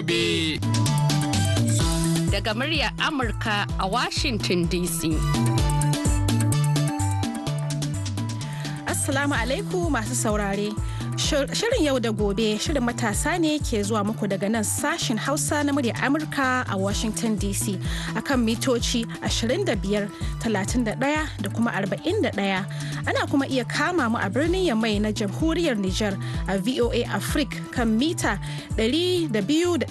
gobe. Daga muryar Amurka a Washington DC. Assalamu alaikum masu saurare. Shirin yau da gobe shirin matasa ne ke zuwa muku daga nan sashen Hausa na murya Amurka a Washington DC a kan mitoci 25, 31 da kuma 41. Ana kuma iya kama mu a birnin Yamai na jamhuriyar Nijar a VOA Africa kan mita 200.5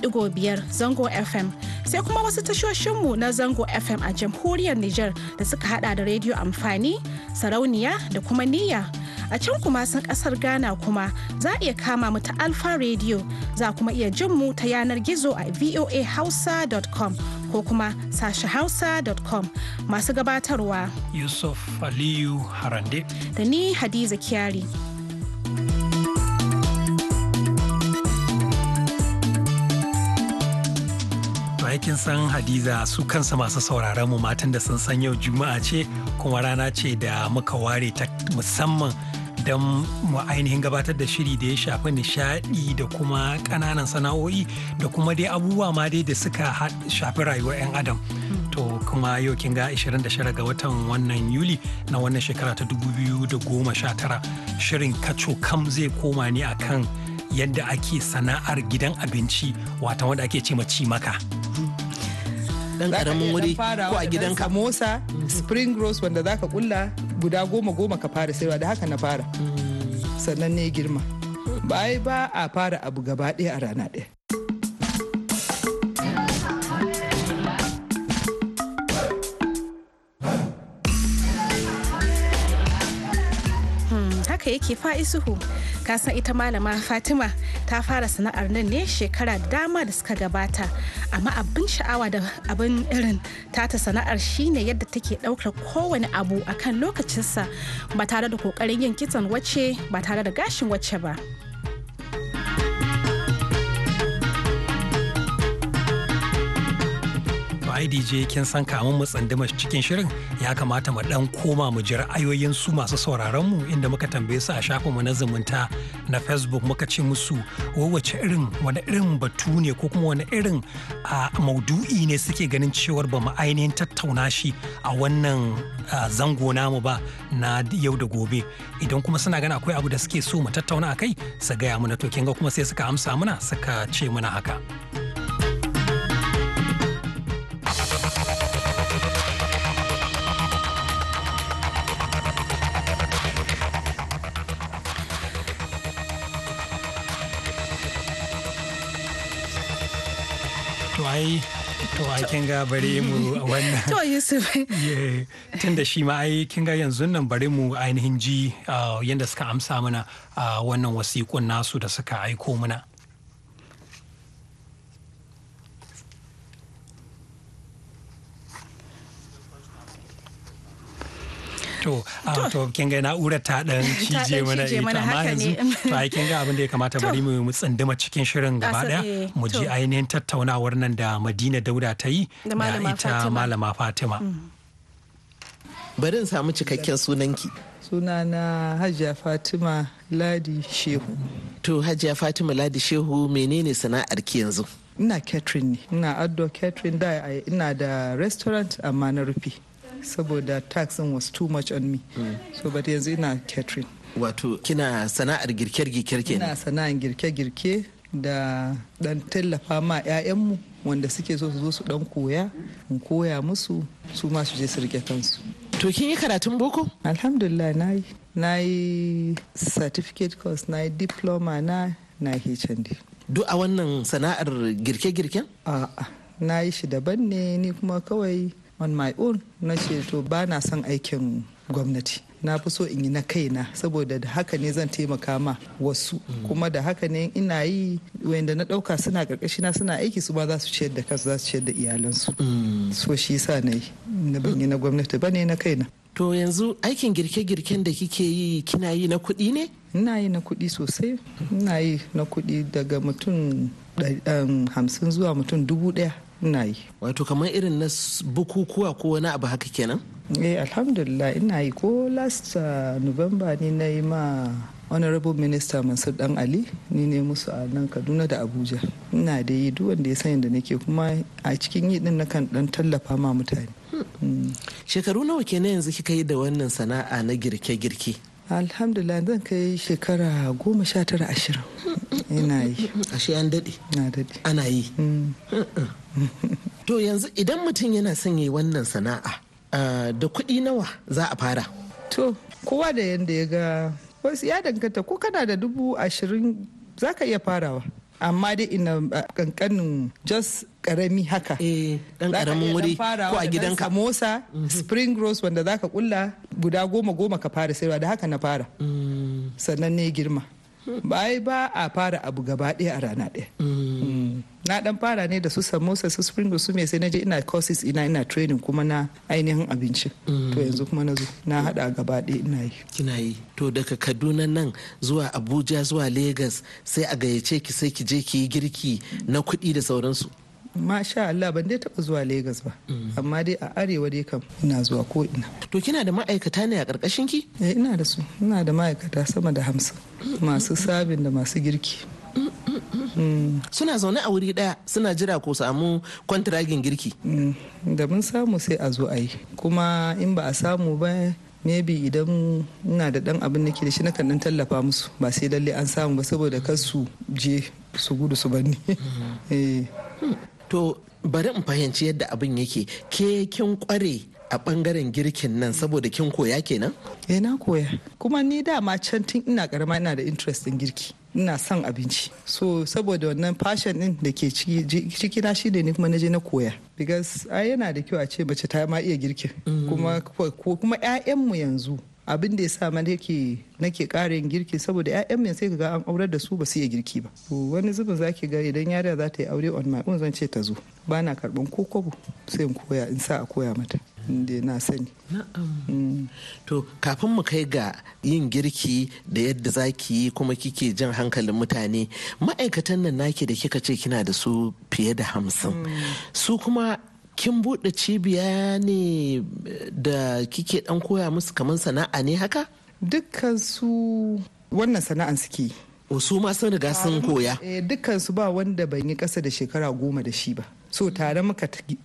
zango FM. Sai kuma wasu tashoshinmu na zango FM a jamhuriyar Nijar da suka hada da rediyo amfani, sarauniya da kuma niyya. a can kuma sun kasar ghana kuma za a iya kama mu ta alfa radio za kuma iya jin mu ta yanar gizo a voahausa.com ko kuma sashi masu gabatarwa yusuf aliyu harande da ni hadiza kyari aikin san hadiza su kansa masu sauraron mu matan da sun san yau juma'a ce kuma rana ce da muka ware ta musamman don mu ainihin gabatar da shiri da ya shafi nishadi da kuma kananan sana'o'i da kuma dai abubuwa ma dai da suka shafi rayuwar 'yan adam hmm. to kuma yau kin ga 29 ga watan wannan yuli na wannan shekara ta 2019 shirin kacho kam zai koma ne akan yadda ake sana'ar gidan abinci wata wanda ake ce ci maka hmm. dan karamin wuri ko a gidan samosa hmm. spring rolls wanda zaka kulla guda goma goma ka fara saiwa da haka na fara mm. sannan ne girma ba ba a fara abu gaba ɗaya a rana ɗaya haka yake fa'isuhu ka san ita malama fatima ta fara sana'ar nan ne shekara dama da suka gabata amma abin sha'awa da abin irin tata sana'ar shine yadda take ɗaukar kowane abu akan lokacinsa ba tare da kokarin yin kitson wacce ba tare da gashin wacce ba. idj kin san kamun mu tsanduma cikin shirin ya kamata mu dan koma mu ji ra'ayoyin su masu sauraron mu inda muka tambaye su a shafin mu na zumunta na Facebook muka ce musu wace irin wani irin batu ne ko kuma wani irin a maudu'i ne suke ganin cewar ba mu ainihin tattauna shi a wannan zango namu ba na yau da gobe idan kuma suna gani akwai abu da suke so mu tattauna akai su gaya na to kin ga kuma sai suka amsa muna suka ce muna haka. ai to a kin ga bari mu wannan to Yusuf tun da shi ma ai kin ga yanzu nan bari mu ainihin ji ah, yadda suka amsa mana ah, wannan wasikun nasu da suka aiko mana to a to kin ga na'urar ta dan cije mana ita amma yanzu to ai kin ga abin da ya kamata bari mu mu tsinduma cikin shirin gaba daya eh, mu ji ainihin tattaunawar nan da Madina Dauda ta yi da ita malama Fatima mm. bari in samu cikakken sunanki sunana hajiya fatima ladi shehu to hajiya fatima ladi shehu menene sana'ar ki yanzu ina catering ne ina addo catering da ina da restaurant amma na rufe saboda tax was too much on me so but yanzu ina catering wato kina sana'ar girke-girke ne ina sana'ar girke-girke da dan tallafa ma 'ya'yanmu wanda suke so su zo su dan koya in koya musu su ma su je su rike kansu to kin yi karatun boko alhamdulillah na yi na yi certificate course na yi diploma na na hnd duk a wannan sana'ar girke-girken a'a na yi shi daban ne ni kuma kawai on my own na ce to ba na son aikin gwamnati na fi so in yi na kaina saboda da haka ne zan taimaka ma wasu kuma da haka ne ina yi wanda na dauka suna karkashi na suna aiki su ba za su ciyar da kansu za su ciyar da iyalansu mm. so shi sa na yi na ban yi na gwamnati ba ne na kaina to yanzu aikin girke-girken da kike yi kina yi na kuɗi ne ina yi na kuɗi sosai ina yi na kuɗi daga mutum um, hamsin zuwa mutum dubu ɗaya ina yi wato kamar irin na bukukuwa ko wani abu haka kenan eh alhamdulillah ina yi ko last ah, november ne na yi ma honorable minister mansur dan ali ni ne musu a nan kaduna da abuja ina da yi duwanda wanda ya sani da nake kuma a cikin yi din nakan dan tallafa ma mutane hmm. shekaru nawa kenan yanzu kika yi da wannan sana'a na girke-girke alhamdulillah zan kai shekara goma sha tara ashirin ina yi ashe an daɗe ana yi mm. to yanzu idan mutum yana son yi wannan sana'a ah, da kuɗi nawa za a fara to kowa da yadda ya ga wasu ya danganta ko kana da dubu ashirin za ka iya farawa amma dai ina uh, kankanin jos karami haka dan eh, karamin wuri ko a gidan samosa mhm. spring rose wanda zaka kulla guda goma goma ka fara sayarwa da haka na fara mm. sannan ne girma bai ba a fara abu gaba ɗaya a rana ɗaya mm. na dan fara ne da su samosa su spring su me sai na je ina courses ina ina training kuma na ainihin abinci mm. to yanzu kuma na zo na hada gaba ɗaya ina yi kina yi to daga Kaduna nan zuwa Abuja zuwa Lagos sai a gayyace ki sai ki je ki yi girki na kuɗi da sauransu masha Allah ban dai taba zuwa Legas ba mm. amma dai a arewa dai kam ina zuwa ko ina to kina da ma'aikata ne a karkashin ki eh ina da su ina da ma'aikata sama da hamsin masu sabin da masu girki mm, mm, suna zaune a wuri daya suna jira ko samu kwantiragin girki da mun samu sai a zo ayi. kuma in ba a samu ba maybe idan ina da dan abin nake da shi nakan dan tallafa musu ba sai lalle an samu ba saboda kar su je su gudu su banni mm-hmm. eh. hmm. to bari in fahimci yadda abin yake ke kin kware a bangaren girkin nan saboda kin koya kenan? eh na koya kuma ni dama can tun ina karama ina da interest in girki ina son abinci so saboda wannan fashion din da ke ciki na shine ne kuma na je na koya because ai yana da kyau a ce mace ta ma iya girkin mm. kuma kuma ƴaƴanmu yanzu abin da ya sa ma nake nake girki saboda 'ya'yan mai sai ga an aurar da su ba su iya girki ba to wani zubin zaki ga idan yara za ta yi aure on my own zan ce ta zo ba na karɓan ko kwabo sai in koya in sa a koya mata inda na sani mm. to kafin mu kai ga yin girki da yadda za ki yi kuma kike jan hankalin mutane ma'aikatan nan naki da kika ce kina da su fiye da hamsin mm. su kuma kin buɗe cibiya ne da kike ɗan koya musu kamar sana'a ne haka? Dukkan su wannan sana'an suke. su ma sun riga sun koya. Eh, dukkan su ba wanda ban yi ƙasa da shekara goma da shi ba. So mm.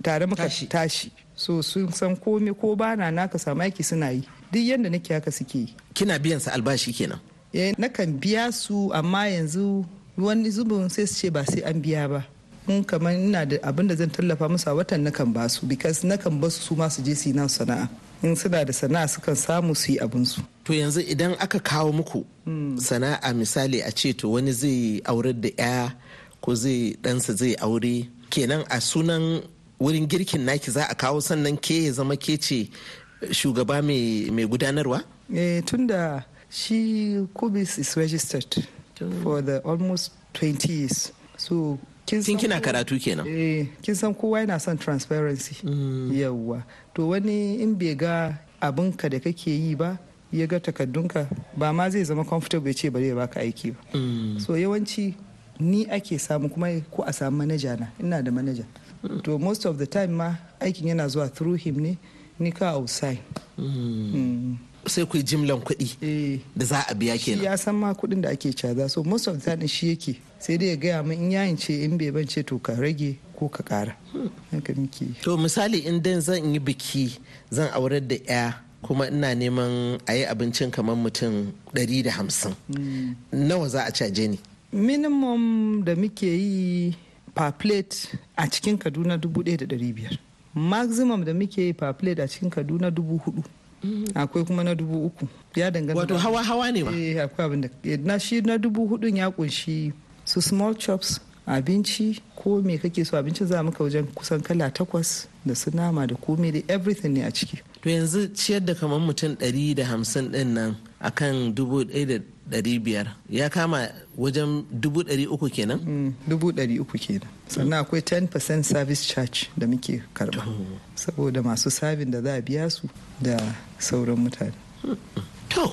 tare muka tashi. So sun san komi ko bana naka samu aiki suna yi. Duk yadda nake haka suke yi. Kina biyan su albashi kenan. Eh, nakan biya su amma yanzu wani zubin sai su ce ba sai an biya ba in kamar ina da abin da zan tallafa musu a watan nakan ba su because nakan ba su su ma je su yi nan sana'a in suna da sana'a sukan samu su yi su. To yanzu idan aka kawo muku hmm. sana'a misali a ce to wani zai aurar da 'ya ko zai ɗansa zai aure kenan a sunan wurin girkin naki za a kawo sannan ke ya zama ke ce shugaba mai gudanarwa? Eh, tunda shi kubis is registered for the almost 20 years so kin kina karatu kenan eh kin san kowa yana son transparency mm. yawwa to wani in bai ga ka da kake yi ba ya ga ka ba ma zai zama comfortable ya ce bari ya baka aiki ba mm. so yawanci ni ake samu kuma ko a samu manaja na ina da manaja mm. to most of the time ma aikin yana zuwa through him ne ni ka outside sai ku jimlan kuɗi eh. da za a biya kenan. ya san ma kuɗin da ake caza so most of the shi yake sai dai ya gaya min in yayin ce in bai ban ce to ka rage ko ka kara. to misali in dan zan yi biki zan aurar da 'ya kuma ina neman a yi abincin kamar mutum ɗari 150 hmm. nawa za a caje ni minimum da muke yi per plate a cikin kaduna 1500 maximum da muke yi per plate a cikin kaduna 4000 akwai kuma na dubu uku ya dangana wato hawa hawa ne ma eh akwai abin da eh, na shi na dubu hudun ya kunshi su small chops abinci ko me kake so abincin za muka wajen kusan kala takwas da su nama da komai da everything ne a ciki to yanzu ciyar da kamar mutum 150 din nan akan 500 ya kama wajen 300 kenan? 300 mm, kenan sannan akwai 10% service charge da muke karba saboda masu sabin da za a biya su da sauran mutane to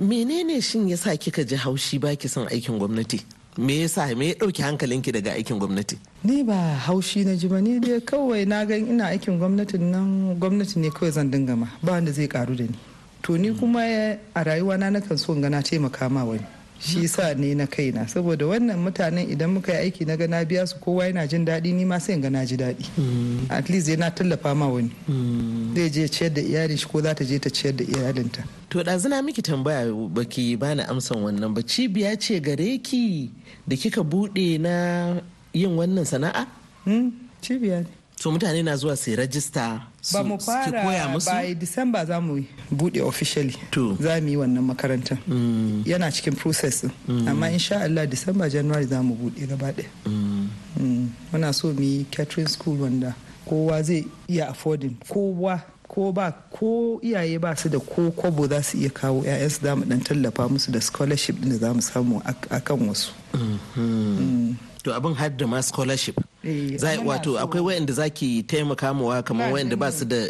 menene shin ya sa kika ji haushi ba ki son aikin gwamnati me yasa me ya dauki hankalinki daga aikin gwamnati ni ba haushi na ji ba ni dai kawai na gan ina aikin gwamnatin nan gwamnati ne kawai zan dinga ma ba wanda zai karu da ni to ni mm. kuma eh, a rayuwa na nakan so gana gana taimaka ma wani shi sa ne na kaina saboda wannan mutanen idan muka yi aiki na gana biya su kowa yana jin daɗi ni ma sai gana ji daɗi mm. at least yana tallafa ma wani mm. zai je ciyar da iyalin shi ko za ta je ta ciyar da iyalinta to ɗazuna miki tambaya baki bani amsan wannan ba cibiya ce gare ki da kika buɗe na yin wannan sana'a hmm, cibiya ne so mutane na zuwa su rajista ba mu fara by december za mu bude officially za mu yi wannan makarantar mm. yana cikin process mm. amma insha Allah december january za mu bude gaba ɗaya mm. Mm. muna so mu yi catering school wanda kowa zai iya affording kowa ko ba ko iyaye ba su da ko kwabo za su iya kawo su za mu dan tallafa musu da scholarship da za mu samu akan wasu mm-hmm. to abin har da ma scholarship eh, wato akwai wayanda za ki taimaka mawa kamar wayanda ba su da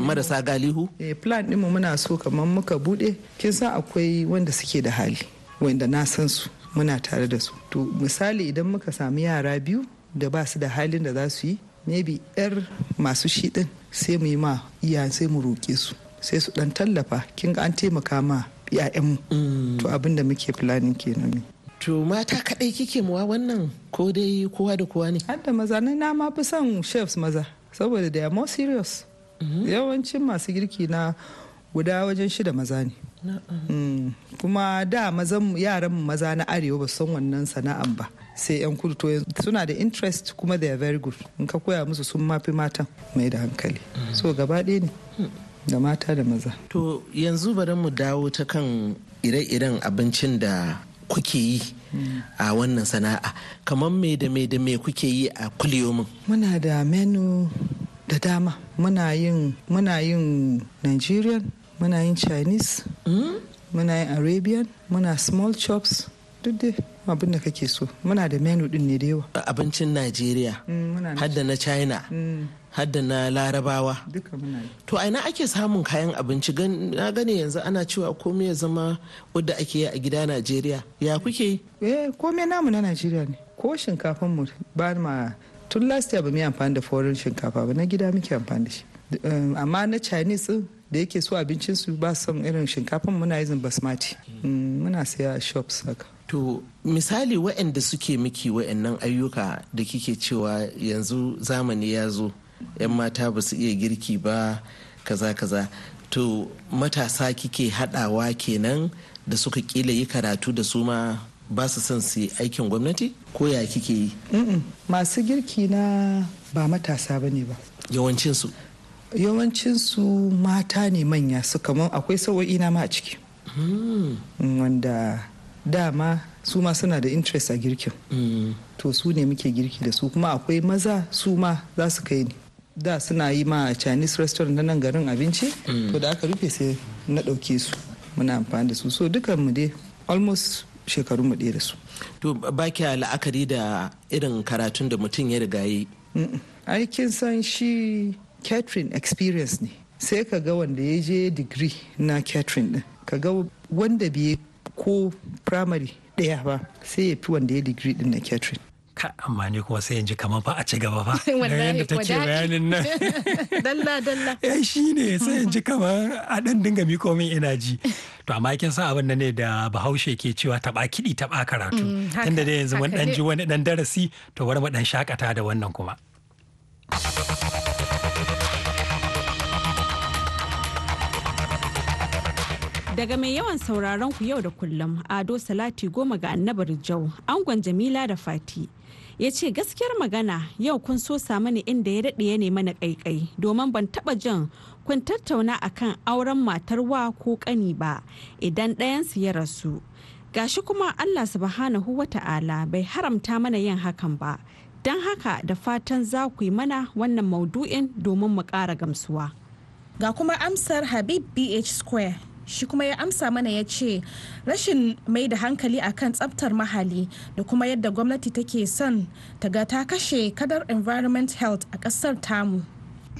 marasa galihu eh, plan din mu muna so kamar muka bude kin san akwai wanda suke da hali wanda na san su muna tare da su to misali idan muka samu yara biyu da ba su da halin da za su yi maybe yar masu shi din sai mu yi ma iya sai mu roƙe su sai su dan tallafa kin ga an taimaka ma 'ya'yanmu mm. to abin da muke planning kenan to mata kadai kike muwa wannan ko dai kowa da kowa ne hadda maza na na ma fi son chefs maza saboda they are more serious mm-hmm. yawancin masu girki na guda wajen shida maza ne mm. kuma da mazan yaran maza na arewa ba san wannan sana'an ba sai yan kudu to suna da interest kuma they are very good in ka koya musu sun mafi matan mai da hankali mm-hmm. so gaba ɗaya ne mm. da mata da maza to yanzu bari mu dawo ta kan ire-iren abincin da kuke yi a wannan sana'a kamar me da me da me kuke yi a kuliyomin muna da menu da dama muna yin muna yin nigerian muna yin chinese hmm? muna yin arabian muna small chops duk dai abin da kake so muna da menu din ne da yawa abincin najeriya mm, hadda na china mm. hadda na larabawa to aina ake samun kayan abinci na gane yanzu ana cewa komai ya zama wadda ake yi a gida najeriya ya kuke yi? eh komai namu na najeriya ne ko shinkafan mu ba ma tun last year ba mu amfani da foreign shinkafa ba na gida muke amfani da shi um, amma na chinese da yake so abincinsu ba son irin shinkafan muna yin basmati mm. muna saya shops haka To misali waɗanda suke miki waɗannan ayyuka da kike cewa yanzu zamani ya zo 'yan mata ba su iya girki ba kaza kaza to matasa kike haɗawa kenan da suka ƙila yi karatu da su ma ba su son su yi aikin gwamnati ko ya kike yi masu girki na ba matasa ba ne ba yawancinsu yawancinsu mata ne manya su kamar akwai sawo'i na ma a ciki hmm. mm, wanda dama su ma suna da interest a girkin mm. to su ne muke girki da su kuma akwai maza su ma za su kai ni da suna yi ma chinese restaurant na nan garin abinci mm. to da aka rufe sai na ɗauke su muna amfani da su so dukan mu dai almost shekaru mu da su to ba la'akari da irin karatun da mutum ya riga yi aikin san shi catering experience ne sai ka ga wanda ya je digiri na catering din ka ga wanda biye ko primary ɗaya ba sai ya fi wanda ya digiri ɗin na catering ka amma ne kuma sai yanzu kamar ba a ci gaba ba yadda ta ce bayanin nan dalla dalla eh ne. sai yanzu kamar a dan dinga miko min ina ji to amma kin san abin da ne da bahaushe ke cewa taba kiɗi taba karatu mm, tunda da yanzu mun dan ji wani dan darasi to bari mu dan shakata da wannan kuma Daga mai yawan sauraron ku yau da kullum Ado Salati goma ga annabar Jau, angon Jamila da Fati. Ya ce gaskiyar magana yau kun so samu ne inda ya daɗe ya nema na ƙaiƙai domin ban taɓa jin kun tattauna a kan auren matar wa ko ƙani ba idan ɗayansu ya rasu. Gashi kuma Allah subhanahu wa ta'ala bai haramta mana yin hakan ba. Don haka da fatan za ku yi mana wannan maudu'in domin mu ƙara gamsuwa. Ga kuma amsar Habib BH Square shi kuma ya amsa mana ya ce rashin mai da hankali akan tsabtar mahali da kuma yadda gwamnati take son ta ga ta kashe kadar environment health a kasar tamu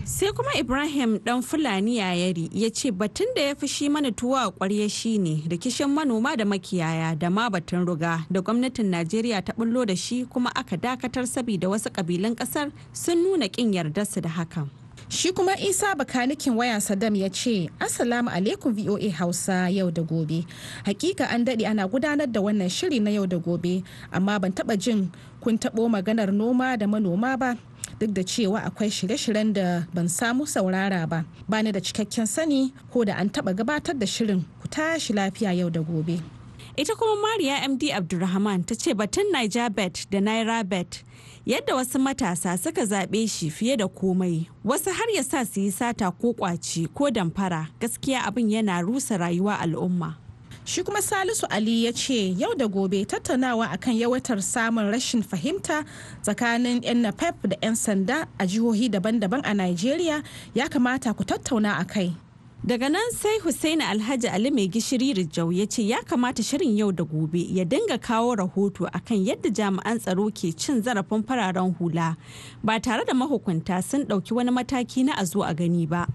sai kuma ibrahim dan fulani yari ya ce batun da ya fi shi mana tuwa a kwarya ne rikishin manoma da makiyaya da ma batun ruga da gwamnatin najeriya ta bullo da shi kuma aka dakatar saboda wasu kabilan kasar sun nuna kin yarda su da hakan Shi kuma Isa bakanikin waya sadam ya ce, Assalamu alaikum VOA Hausa yau da gobe. Hakika an daɗe ana gudanar da wannan shiri na yau da gobe, amma ban taɓa jin kun taɓo maganar noma da manoma ba. Duk da cewa akwai shirye-shiryen da ban samu saurara ba, bani da cikakken sani ko da an taɓa gabatar da shirin ku tashi lafiya yau da gobe. Ita kuma Mariya MD Abdulrahman ta ce batun Niger Bet da Naira Bet yadda wasu matasa suka zaɓe shi fiye da komai wasu har ya sa su yi sata ko ƙwace ko damfara gaskiya abin yana rusa rayuwa al'umma shi kuma salisu ali ya ce yau da gobe tattaunawa akan yawatar samun rashin fahimta tsakanin 'yan napep da 'yan sanda a jihohi daban-daban a nigeria ya kamata ku tattauna a kai Daga nan sai Hussaini Alhaji Ali mai gishiri Rijau ya ce ya kamata shirin yau da gobe ya dinga kawo rahoto akan yadda jami'an tsaro ke cin zarafin fararen hula ba tare da mahukunta sun ɗauki wani mataki na a zo a gani ba.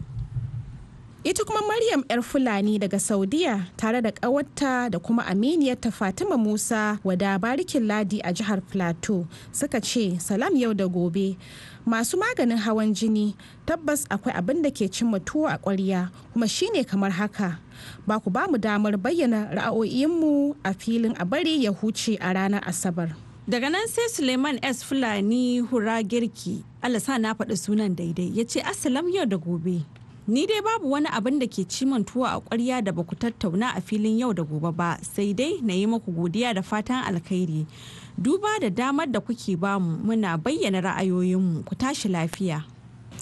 ita kuma maryam yar fulani daga saudiya tare da ƙawarta da kuma aminiyarta fatima musa wada barikin ladi a jihar plateau suka ce salam yau da gobe masu maganin hawan jini tabbas akwai abin da ke cin tuwo a ƙwarya kuma shine kamar haka ba ku ba mu damar bayyana ra'o'inmu a filin a bari ya huce a ranar asabar daga nan sai suleiman s fulani hura girki "Allah sa na faɗi sunan daidai ya ce asalam yau da gobe Ni dai babu wani abin da ke ciman tuwo a ƙwarya da baku tattauna a filin yau da gobe ba, sai dai na yi maku godiya da fatan alkhairi. Duba da damar da kuke bamu muna bayyana ra'ayoyinmu ku tashi lafiya.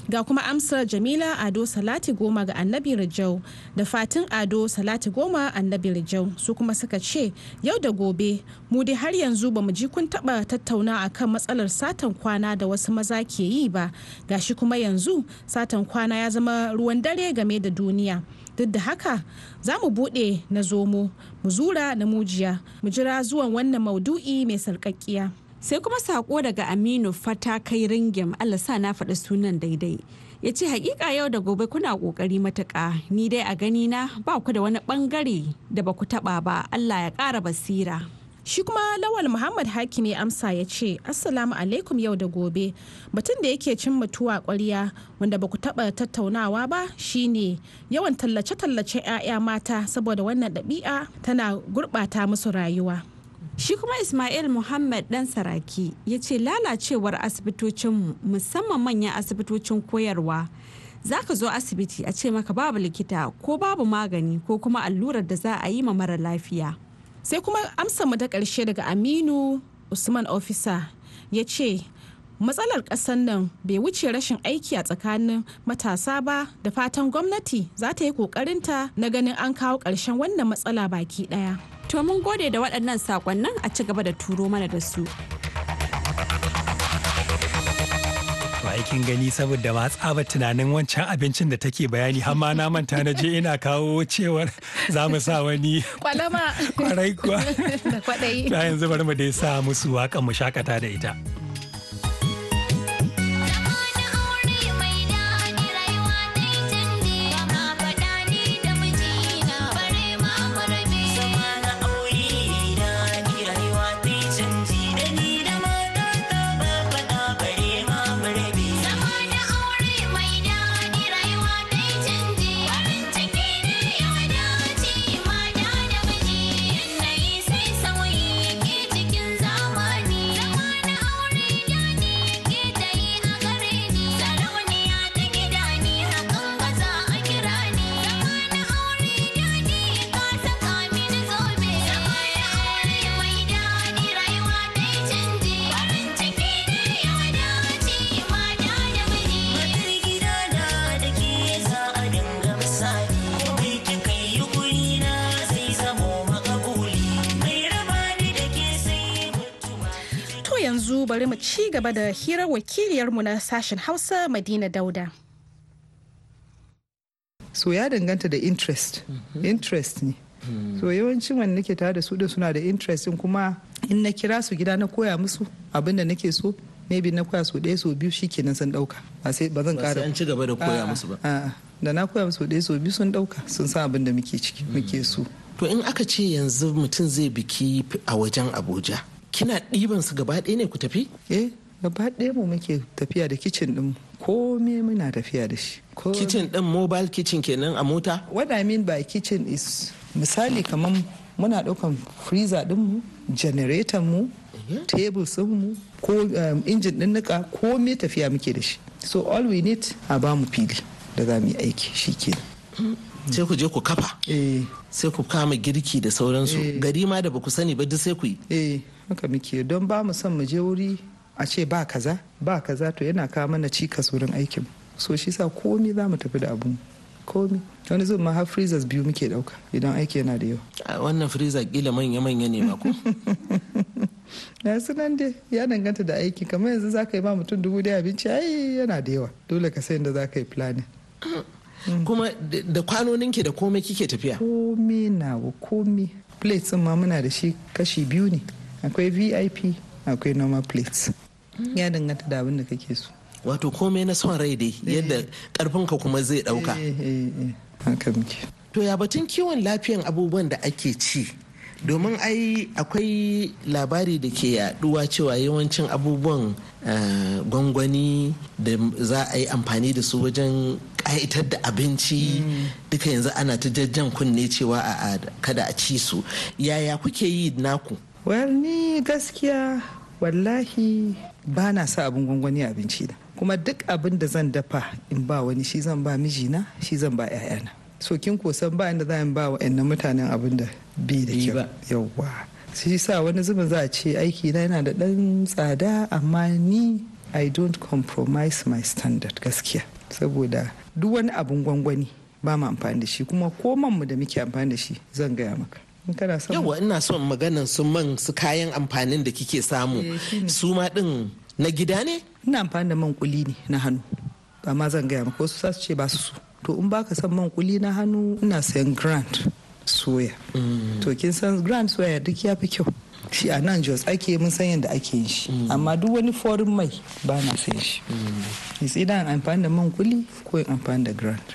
Ga kuma amsar Jamila Ado Salati Goma ga Annabi Rijau da Fatin Ado Salati Goma Annabi Rijau su kuma suka ce yau da gobe mu dai har yanzu ba mu ji kun taba tattauna akan matsalar satan kwana da wasu maza ke yi ba ga shi kuma yanzu satan kwana ya zama ruwan dare game da duniya. duk da haka za mu buɗe na zomo mu zura na mujiya mu jira zuwan wannan maudu'i mai sarƙaƙƙiya. sai kuma sako daga aminu fata kai ringim allah sa na faɗi sunan daidai ya ce hakika yau da gobe kuna ƙoƙari matuƙa ni dai a gani na ba ku da wani ɓangare da ba ku taɓa ba allah ya ƙara basira shi kuma lawal muhammad haki ne amsa ya ce assalamu alaikum yau da gobe batun da yake cin mutuwa kwarya wanda ba ku taɓa tattaunawa ba shine yawan tallace-tallace 'ya'ya mata saboda wannan ɗabi'a tana gurɓata musu rayuwa Shi kuma Ismail Muhammad ɗan Saraki ya ce lalacewar asibitocinmu musamman manyan asibitocin koyarwa za ka zo asibiti a ce maka babu likita ko babu magani ko kuma allurar da za a yi ma mara lafiya. Sai kuma amsa mu ta ƙarshe daga Aminu Usman Ofisa ya ce matsalar ƙasar nan bai wuce rashin aiki a tsakanin matasa ba da fatan gwamnati za ta yi ƙoƙarinta na ganin an kawo ƙarshen wannan matsala baki ɗaya. To mun gode da waɗannan sakonnin a ci gaba da turo mana da su. aikin gani saboda ma tsaba tunanin wancan abincin da take bayani har na manta na je ina kawo cewar za mu sa wani kwalama kwarai kuwa da yanzu bari mu dai sa musu waƙan mu shakata da ita. ci gaba da hirar wakiliyarmu na sashen Hausa Madina Dauda. So ya danganta da interest, mhm. interest ne. Hmm. So yawancin wani nake tare da su da suna da interest kuma in na kira su gida na koya musu abin da nake so maybe na koya su ɗaya sau biyu shikenan sun ɗauka ba sai ba zan ƙara an ci gaba da koya musu ba da na koya musu ɗaya so biyu sun ɗauka sun san abin da muke ciki muke hmm. so to in aka ce yanzu mutum zai biki a wajen abuja kina ɗiban su gaba ɗaya ne ku tafi eh gaba ɗaya mu muke tafiya da kicin ɗin komai muna tafiya da shi kicin ɗin mobile kitchen kenan a mota what i mean by kitchen is misali kamar muna ɗaukan freezer mu generator mu mhm. tables mu ko um, injin ɗin nika komai tafiya muke da shi so all we need a bamu fili da za mu yi aiki shi kenan mm. sai ku je ku kafa eh. sai ku kama girki da sauransu eh. gari ma da ba ku sani ba duk sai ku yi eh, haka muke don ba mu son mu je wuri a ce ba kaza ba kaza to yana kawo mana ka sauran aikin so shi sa komi za mu tafi da abu komi wani zan ma har freezers biyu muke dauka idan aiki yana da yawa wannan freezer kila manya-manya ne ba ku na sunan dai ya danganta da aiki kamar yanzu za ka yi ba mutum dubu daya abinci ai yana da yawa dole ka sayin da za ka yi planning Mm. kuma da kwanonin ke da komai kike tafiya komai wa komai plates ma muna da shi kashi biyu ne akwai vip akwai normal plates mm. ya danganta da abin da kake so wato komai na son rai dai eh. yadda ka kuma zai dauka eh, eh, to ya batun kiwon lafiyan abubuwan da ake ci domin ai akwai labari da ke yaduwa cewa yawancin abubuwan eh, gwangwani da za a yi amfani da su wajen kaitar da abinci mm. duka yanzu ana ta jajjan kunne cewa a kada a ci su yaya kuke yi naku Wani gaskiya wallahi ba na sa abin gwangwani abinci da kuma duk abin da zan dafa in ba wani shi zan ba mijina shi zan ba 'ya'yana so kin san ba inda za ba wa mutanen abin da bi da kyau su yi sa wani zuba za a ce aiki na yana da ɗan tsada amma ni i don't compromise my standard gaskiya saboda duk wani abin gwangwani ba mu amfani da shi kuma ko mu da muke amfani da shi zan gaya maka yawa ina son maganan su man su kayan amfanin da kike samu eh, su ma din na gida ne ina amfani da man kuli ne na hannu amma zan gaya maka wasu su ce ba su su to in baka san man kuli na hannu ina sayan grand soya to kin san grand soya duk ya fi kyau shi a nan jos ake mun san yadda ake yin shi amma duk wani forin mai ba na sayan shi sai da amfani da man kuli ko in amfani da grand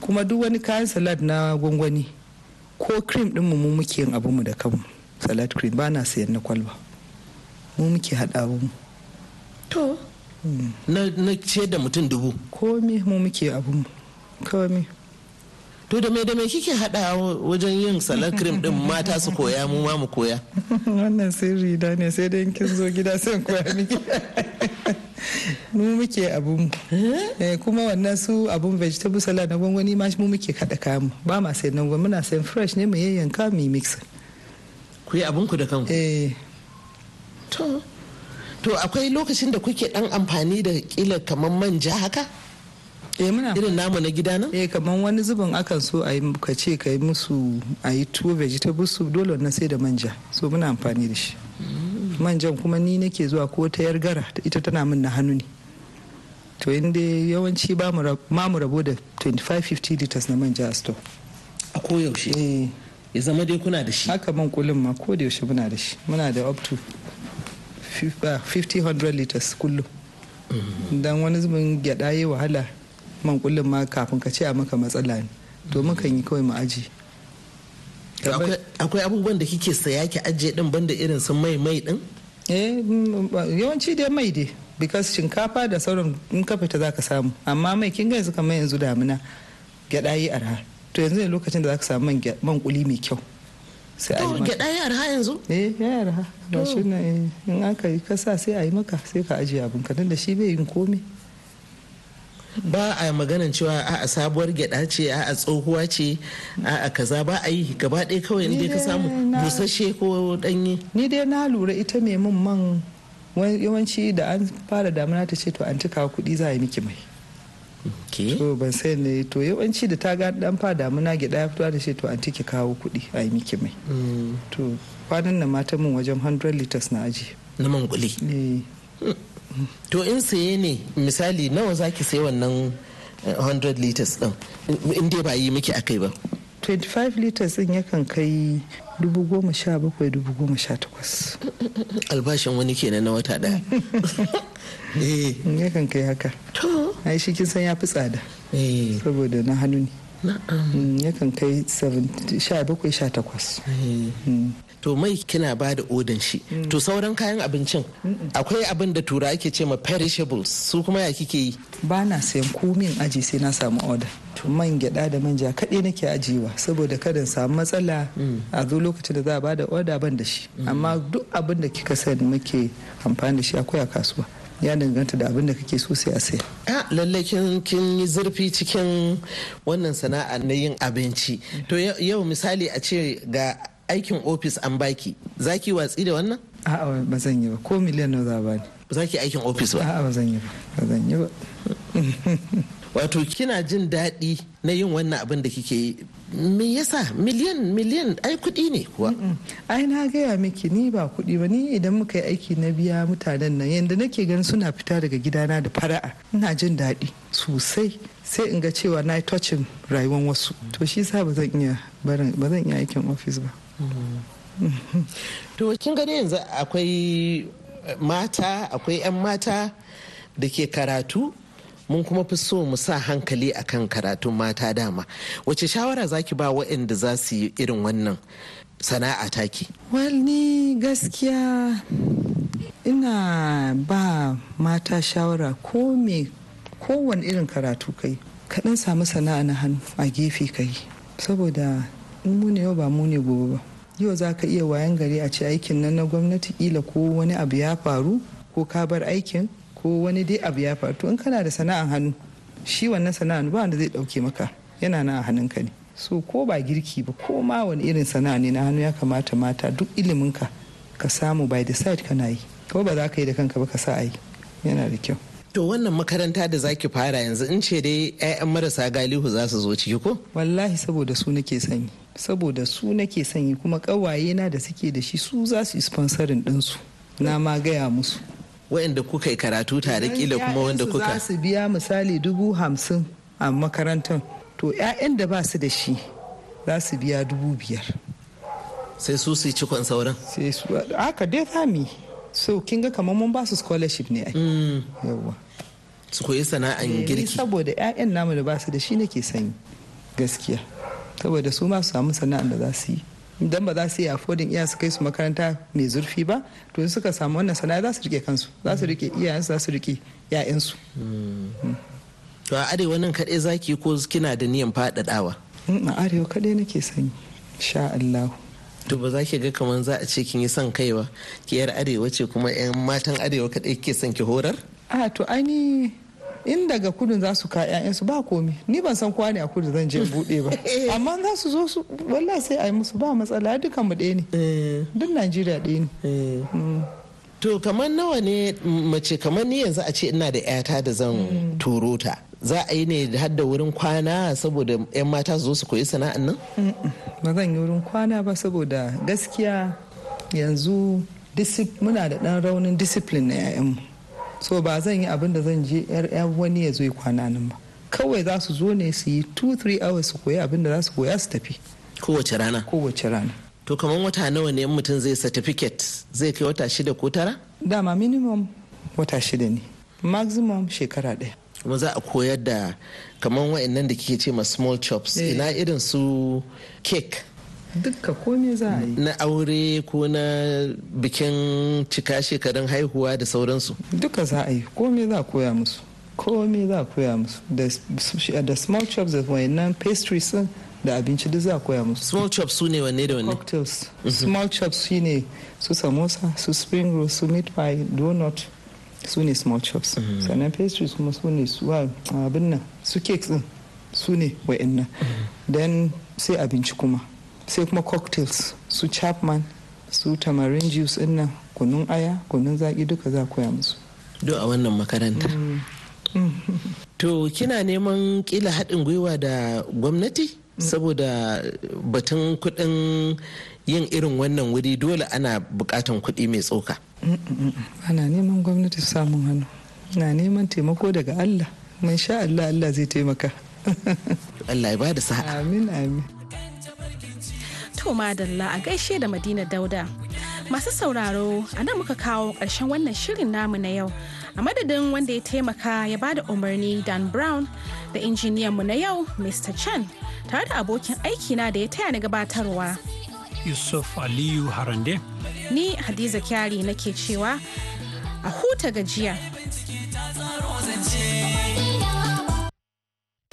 kuma duk wani kayan salad na gwangwani ko cream din mu muke yin abu mu da kanmu salad cream ba na sayan na kwalba mu muke haɗa mu na ciyar da mutum dubu komi mu muke abun komi to da me da me kike hada wajen yin salad cream din mata su koya mu ma mu koya wannan sirri da ne sai dai kin zo gida sai koya miki mu muke abun eh? Eh, kuma wannan su abun vegetable salad na gwangwani ma mu muke kada kamu ba ma sai nan muna sayan fresh ne mu yayyanka mu mix ku yi abun ku da kanku eh to to akwai lokacin da kuke dan amfani da kila kamar manja haka eh, irin namu na gida nan eh kamar wani zubin akan so a yi ka ce ka yi musu a yi tuwo vegetable soup dole na sai da manja so muna amfani da shi mm. manjan kuma ni nake zuwa ko ta yargara ita tana min na hannu ne to inda yawanci ba mu rabo da 25-50 liters na manja a store a koyaushe eh. ya zama dai kuna da shi haka man kulin ma ko da yaushe muna da shi muna da up to 500 liters kullum don wani zubin gyada yi wahala man kullum ma kafin ka ce a maka matsala ne to mukan yi kawai ma'aji aji akwai abubuwan da kike saya ki ajiye din banda irin sun mai mai din eh mm, yawanci dai mai dai because shinkafa da sauran in ka fita zaka samu amma mai kin ga yanzu kamar yanzu damina gyada yi arha to yanzu ne lokacin da zaka samu man kuli mai kyau sai a yi maka gyaɗa yara ha yanzu eh yara ha ba shi na eh, in aka yi kasa sai a yi maka sai ka ajiye abin ka da shi bai yin komai ba a maganan cewa a sabuwar gyada ce a tsohuwa ce a kaza ba a yi gaba ɗaya kawai inda ka samu busasshe ko ɗanye ni dai na lura ita mai mun man yawanci da an fara damuna ta ce to an cika kuɗi za a yi miki mai so ban sai ne to yawanci da ta ga dan fa damuna gida ya fitowa da shi to anti ki kawo kuɗi a yi miki mai mm. to kwanan nan mata min wajen 100 liters na aji na manguli eh. hmm. to in saye ne misali nawa zaki sayi wannan 100 eh, liters din in dai ba yi miki akai ba 25 liters din yakan kai dubu dubu goma goma sha sha bakwai takwas. albashin wani kenan na wata daya eh. yakan kai haka to ai shi kin san ya fi tsada eh. saboda na hannu ne mm, yakan kai 17-18 eh. mm. to mai kina ba da odin shi mm. to sauran kayan abincin akwai abin da tura ake ce ma perishables su kuma ya kike yi ba na sayan komin aji sai na samu to man gyada da manja kaɗai nake ajiyewa saboda kada samu matsala a zo lokacin da za a ba da oda ban da shi amma duk abin da kika sani muke amfani da shi akwai a kasuwa ya danganta da abin da kake so sai a sai. a ah, lallai kin yi zurfi cikin wannan sana'a na yin abinci to yau misali a ce ga aikin ofis an baki zaki watsi da wannan a'a ba zan yi ba ko miliyan nawa za bani ba za ki aikin ofis ba a'a ba zan yi ba ba zan yi ba wato kina jin daɗi na yin wannan abin da kike yi me yasa miliyan miliyan ai kuɗi ne kuwa ai na gaya miki ni ba kuɗi ba ni idan muka yi aiki na biya mutanen nan yadda nake ganin suna fita daga gidana da fara'a ina jin daɗi sosai sai in ga cewa na tocin rayuwar wasu to shi sa ba zan iya ba zan iya aikin ofis ba mm-hmm. to kin gani yanzu akwai mata akwai 'yan mata da ke karatu mun kuma fi so mu sa hankali akan karatun mata dama wace shawara zaki ba waɗanda za su yi irin wannan sana'a taki ni gaskiya ina ba mata shawara ko me kowane irin karatu kai kaɗan samu sana'a na hannu a gefe kai saboda mune yau ba mune gobe ba yau za ka iya wayan gari a ci aikin nan na gwamnati kila ko wani abu ya faru ko ka bar aikin ko wani dai abu ya faru to in kana da sana'an hannu shi wannan sana'an ba wanda zai dauke maka yana na a ka ne so ko ba girki ba ko ma wani irin sana'a ne na hannu ya kamata mata duk iliminka ka samu by the side kana yi ko ba za ka yi da kanka ba ka sa ayi yana da kyau To wannan makaranta da zaki fara yanzu in ce dai 'ya'yan marasa galihu za su zo ciki ko? Wallahi saboda su nake sanyi. Saboda su nake sanyi kuma kawaye na da suke da shi su za su sponsorin su Na ma gaya musu. waɗanda kuka yi karatu tare kila kuma wanda kuka za su biya misali dubu hamsin a makarantar to 'ya'yan da ba su da shi za su biya dubu biyar sai su su yi cikon sauran sai su aka dai zami so kin ga kamar mun ba su scholarship ne ai mm. yawa su koyi sana'an eh, girki saboda 'ya'yan namu da ba su da shi nake sanyi gaskiya saboda su ma su samu sana'an da za su yi Idan ba za su yi affording iya su kai su makaranta mai zurfi ba to in suka samu wannan sana'a za su rike kansu za su rike iyayensu za su rike yayansu hmm. to a arewa nan kaɗai zaki ko kina da niyan faɗaɗawa hmm, a arewa kaɗai nake sani sha Allah to ba za ki ga kamar za a ce kin yi son kaiwa ki yar arewa ce kuma yan matan arewa kaɗai ke son ki horar a to ani in daga kudin za su ka su ba komi ni ban san kwani a kudu zan je bude ba amma za su zo su wallah sai a yi musu ba matsala dukan mu ɗaya ne eh. duk najeriya ɗaya ne eh. mm. to kamar nawa ne mace kamar ni yanzu a ce ina da 'yata da zan mm. turo ta za a yi ne har da wurin kwana saboda 'yan mata su zo su koyi sana'an nan ba zan yi wurin kwana ba saboda gaskiya yanzu muna da ɗan raunin discipline na mu. so ba zan yi abin da zan je yar wani ya zo kwana nan ba kawai za su zo ne su yi 2-3 hours su koya abin da za su koya su tafi kowace rana kowace rana to kamar wata nawa ne mutum zai certificate zai kai wata shida ko tara dama minimum wata shida ne maximum shekara ɗaya kuma za a koyar da kamar wa'annan da kike ce ma small chops eh. ina irin su cake dukka komai za a yi na aure ko na bikin cika shekarun haihuwa da sauransu duka za a yi komai za a koya musu me za a koya musu eh, da small chops da wayannan pastries da abinci duk za a koya musu small chops su ne wanne da wanne cocktails mhm. small chops su ne su samosa su spring roll su meat pie donut su ne small chops mhm. sannan pastries kuma su ne su abin nan su cakes din su ne wa'annan don mhm. sai abinci kuma sai kuma cocktails su chapman su tamarin juice din nan kunun aya kunun zaki duka za koya musu do a wannan makaranta mm. to kina neman kila haɗin gwiwa da gwamnati mm. saboda batun kuɗin yin irin wannan wuri dole ana buƙatan kuɗi mai tsoka mm, ana neman gwamnati samun hannu na neman taimako daga allah mai sha allah allah zai taimaka allah ya ba da sa'a amin amin To madalla a gaishe da Madina Dauda. Masu sauraro a nan muka kawo ƙarshen wannan shirin namu na yau. A madadin wanda ya taimaka ya bada umarni Dan Brown da mu na yau Mr. Chan tare da abokin aikina da ya taya na gabatarwa. Yusuf Aliyu Harande. Ni Hadiza Kyari nake cewa a huta gajiya.